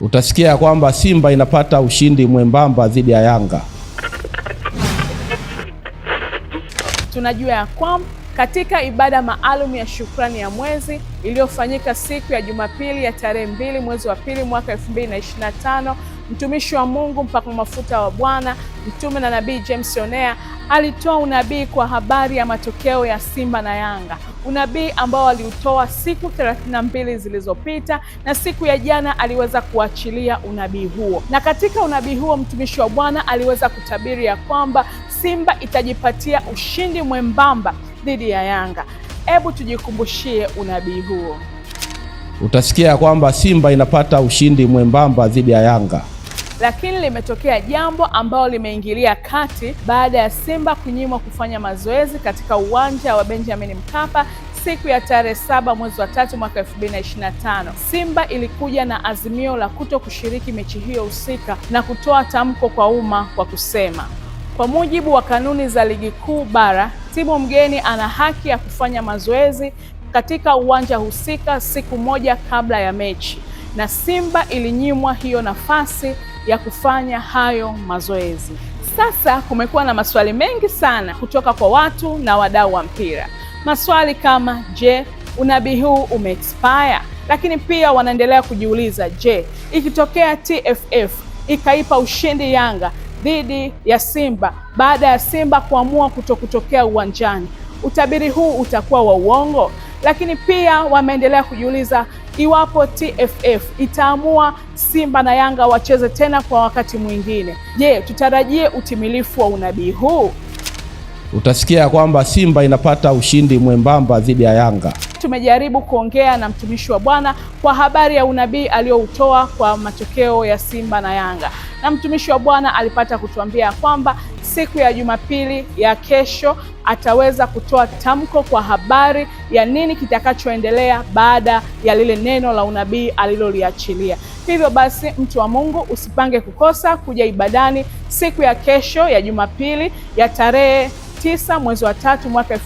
utasikia kwamba Simba inapata ushindi mwembamba dhidi ya Yanga. Tunajua ya kwamba katika ibada maalum ya shukrani ya mwezi iliyofanyika siku ya Jumapili ya tarehe mbili mwezi wa pili mwaka 2025 mtumishi wa Mungu mpaka mafuta wa Bwana mtume na nabii James Onea alitoa unabii kwa habari ya matokeo ya Simba na Yanga, unabii ambao aliutoa siku thelathini na mbili zilizopita, na siku ya jana aliweza kuachilia unabii huo. Na katika unabii huo mtumishi wa Bwana aliweza kutabiri ya kwamba Simba itajipatia ushindi mwembamba dhidi ya Yanga. Hebu tujikumbushie unabii huo. Utasikia ya kwamba Simba inapata ushindi mwembamba dhidi ya Yanga lakini limetokea jambo ambalo limeingilia kati baada ya Simba kunyimwa kufanya mazoezi katika uwanja wa Benjamin Mkapa siku ya tarehe saba mwezi wa tatu mwaka tano. Simba ilikuja na azimio la kuto kushiriki mechi hiyo husika na kutoa tamko kwa umma kwa kusema, kwa mujibu wa kanuni za Ligi Kuu Bara, timu mgeni ana haki ya kufanya mazoezi katika uwanja husika siku moja kabla ya mechi, na Simba ilinyimwa hiyo nafasi ya kufanya hayo mazoezi. Sasa kumekuwa na maswali mengi sana kutoka kwa watu na wadau wa mpira, maswali kama je, unabii huu umeexpire? Lakini pia wanaendelea kujiuliza, je, ikitokea TFF ikaipa ushindi Yanga dhidi ya Simba baada ya Simba kuamua kuto kutokea uwanjani, utabiri huu utakuwa wa uongo? Lakini pia wameendelea kujiuliza iwapo TFF itaamua Simba na Yanga wacheze tena kwa wakati mwingine. Je, tutarajie utimilifu wa unabii huu? Utasikia kwamba Simba inapata ushindi mwembamba dhidi ya Yanga. Tumejaribu kuongea na mtumishi wa Bwana kwa habari ya unabii aliyoutoa kwa matokeo ya Simba na Yanga, na mtumishi wa Bwana alipata kutuambia kwamba siku ya Jumapili ya kesho ataweza kutoa tamko kwa habari ya nini kitakachoendelea baada ya lile neno la unabii aliloliachilia. Hivyo basi, mtu wa Mungu, usipange kukosa kuja ibadani siku ya kesho ya Jumapili ya tarehe tisa mwezi wa tatu mwaka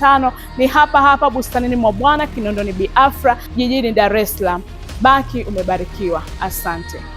tano ni hapa hapa bustanini mwa Bwana Kinondoni Biafra, jijini Dar es Salaam. Baki umebarikiwa. Asante.